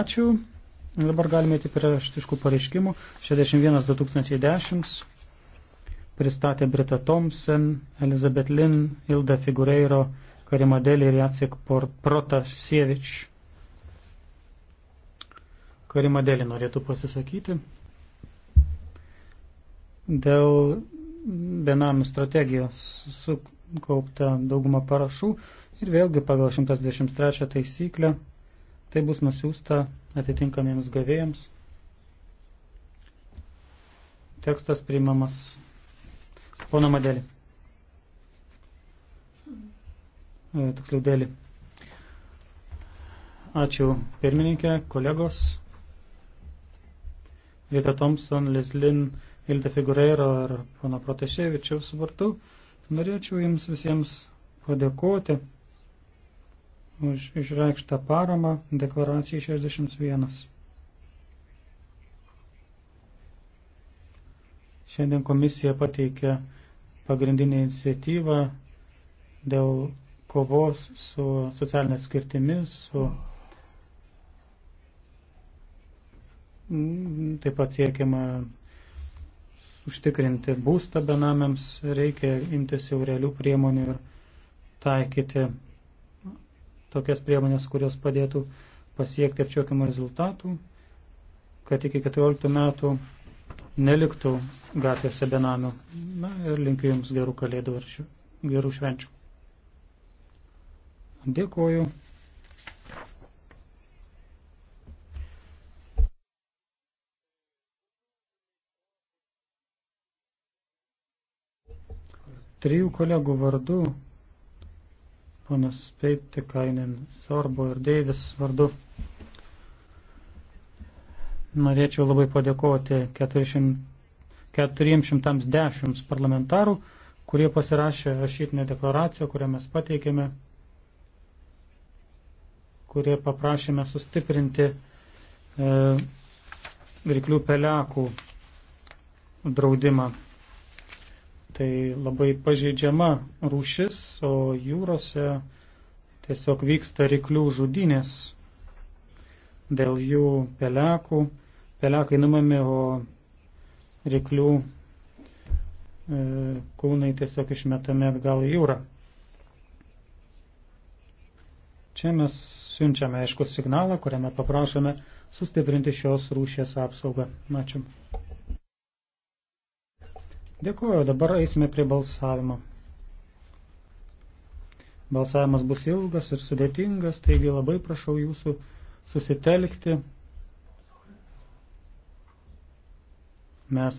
Ačiū. Dabar galime eiti prie štiškų pareiškimų. 61-2010 pristatė Brita Thompson, Elizabeth Lin, Ilda Figureiro, Karimadėlį ir Jacek Protasievič. Karimadėlį norėtų pasisakyti dėl benamių strategijos sukaupta dauguma parašų ir vėlgi pagal 123 taisyklę Tai bus nusiųsta atitinkamiems gavėjams. Tekstas priimamas. Pono Madelį. E, tiksliau dėlį. Ačiū pirmininkė, kolegos. Rita Thompson, Leslin, Ilda Figureiro ar pono Proteševičiaus vardu. Norėčiau jums visiems padėkoti už išreikštą paramą deklaracijai 61. Šiandien komisija pateikė pagrindinį iniciatyvą dėl kovos su socialinė skirtimi, su taip pat siekiama užtikrinti būstą benamiams, reikia imtis jau realių priemonių ir taikyti tokias priemonės, kurios padėtų pasiekti apčiokiamų rezultatų, kad iki 14 metų neliktų gatvėse benamių. Na ir linkiu Jums gerų kalėdų ir šių, gerų švenčių. Dėkuoju. Trijų kolegų vardu ponas Peitikainen, Sorbo ir Deivis vardu. Norėčiau labai padėkoti 400, 410 parlamentarų, kurie pasirašė rašytinę deklaraciją, kurią mes pateikėme, kurie paprašėme sustiprinti e, ryklių pelekų draudimą tai labai pažeidžiama rūšis, o jūrose tiesiog vyksta ryklių žudynės dėl jų pelekų. Pelekai numami, o ryklių e, kūnai tiesiog išmetami atgal į jūrą. Čia mes siunčiame aišku signalą, kuriame paprašome sustiprinti šios rūšies apsaugą. Ačiū. Dėkuoju, dabar eisime prie balsavimo. Balsavimas bus ilgas ir sudėtingas, taigi labai prašau jūsų susitelkti. Mes